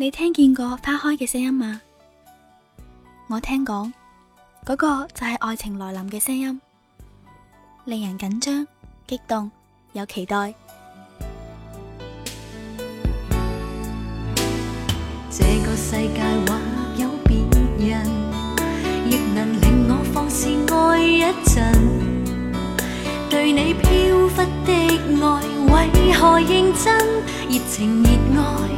你聽見過花開嘅聲音嗎？我聽講，嗰、那個就係愛情來臨嘅聲音，令人緊張、激動又期待。這個世界還有別人，亦能令我放肆愛一陣。對你飄忽的愛，為何認真？熱情熱愛。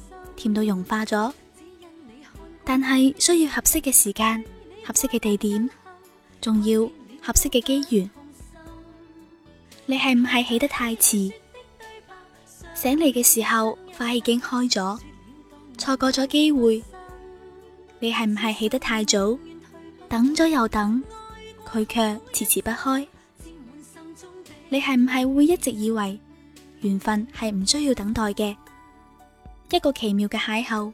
甜到融化咗，但係需要合適嘅時間、合適嘅地點，仲要合適嘅機緣。你係唔係起得太遲？醒嚟嘅時候，花已經開咗，錯過咗機會。你係唔係起得太早？等咗又等，佢卻遲遲不開。你係唔係會一直以為緣分係唔需要等待嘅？一個奇妙嘅邂逅，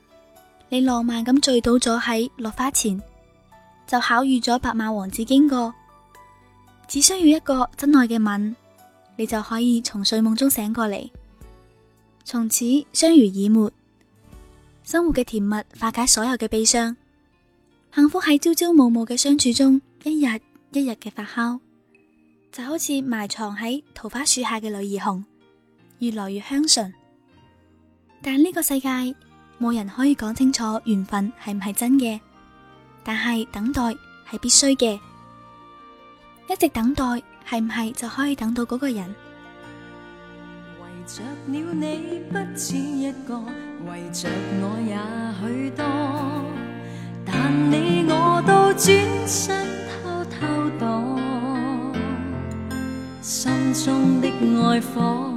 你浪漫咁醉倒咗喺落花前，就巧遇咗白馬王子經過。只需要一個真愛嘅吻，你就可以從睡夢中醒過嚟，從此相濡以沫，生活嘅甜蜜化解所有嘅悲傷，幸福喺朝朝暮暮嘅相處中，一日一日嘅發酵，就好似埋藏喺桃花樹下嘅女兒紅，越來越香醇。但呢個世界冇人可以講清楚緣分係唔係真嘅，但係等待係必須嘅，一直等待係唔係就可以等到嗰個人？為着了你不只一個，為着我也許多，但你我都轉身偷偷躲，心中的愛火。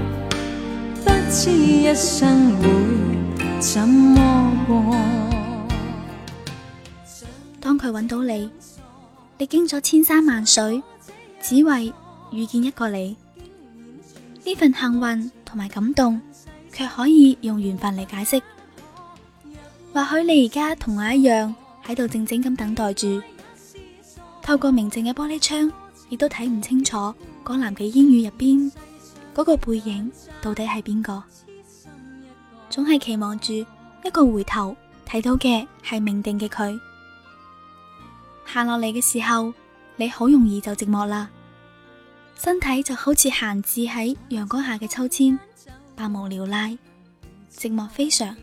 當佢揾到你，歷經咗千山萬水，只為遇見一個你。呢份幸運同埋感動，卻可以用緣分嚟解釋。或許你而家同我一樣，喺度靜靜咁等待住，透過明淨嘅玻璃窗，亦都睇唔清楚江南嘅煙雨入邊。嗰個背影到底係邊個？總係期望住一個回頭睇到嘅係命定嘅佢。行落嚟嘅時候，你好容易就寂寞啦，身體就好似閒置喺陽光下嘅秋千，百無聊賴，寂寞非常。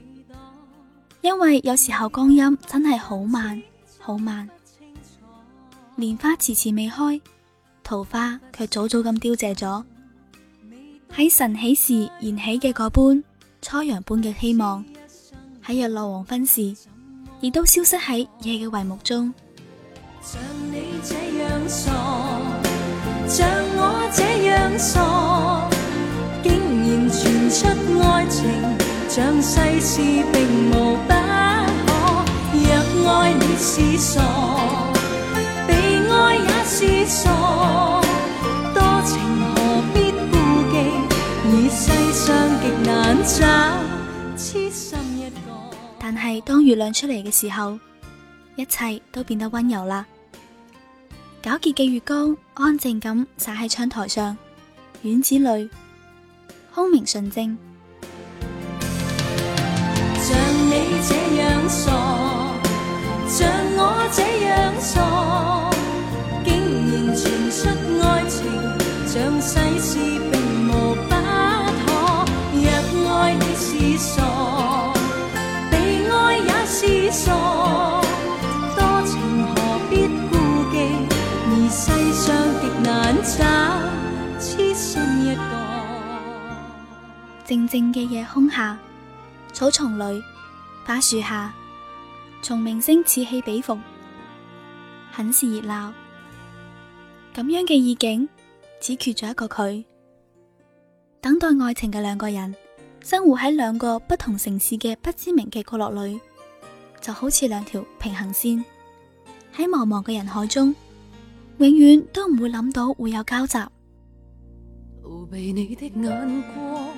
因為有時候光陰真係好慢，好慢。蓮花遲遲未開，桃花卻早早咁凋謝咗。喺晨曦時燃起嘅嗰般初陽般嘅希望，喺日落黃昏時，亦都消失喺夜嘅帷幕中。像你這樣傻，像我這樣傻，竟然傳出愛情，像世事並無不可。若愛你是傻，被愛也是傻。但係當月亮出嚟嘅時候，一切都變得温柔啦。皎潔嘅月光安靜咁灑喺窗台上，院子裏，空明純淨。像你這樣傻。靜靜嘅夜空下，草叢裏、花樹下，蟲鳴聲此起彼伏，很是熱鬧。咁樣嘅意境，只缺咗一個佢。等待愛情嘅兩個人，生活喺兩個不同城市嘅不知名嘅角落裏，就好似兩條平行線，喺茫茫嘅人海中，永遠都唔會諗到會有交集。逃避你的眼光。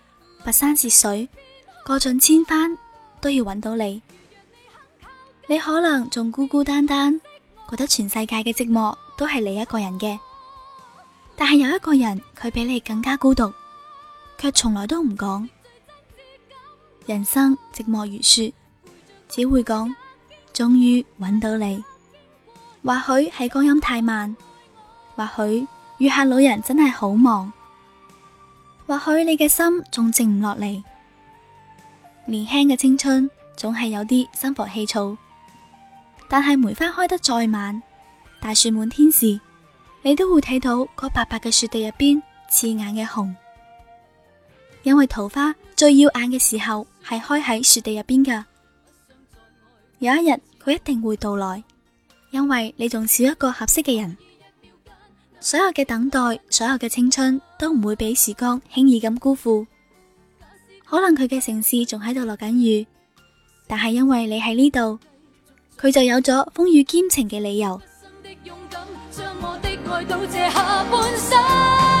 跋山涉水，過盡千帆，都要揾到你。你可能仲孤孤單單，覺得全世界嘅寂寞都係你一個人嘅。但係有一個人，佢比你更加孤獨，卻從來都唔講。人生寂寞如雪，只會講終於揾到你。或許係光陰太慢，或許月下老人真係好忙。或許你嘅心仲靜唔落嚟，年輕嘅青春總係有啲心浮氣躁。但係梅花開得再晚，大雪滿天時，你都會睇到嗰白白嘅雪地入邊刺眼嘅紅，因為桃花最耀眼嘅時候係開喺雪地入邊㗎。有一日佢一定會到來，因為你仲少一個合適嘅人。所有嘅等待，所有嘅青春，都唔會俾時光輕易咁辜負。可能佢嘅城市仲喺度落緊雨，但係因為你喺呢度，佢就有咗風雨兼程嘅理由。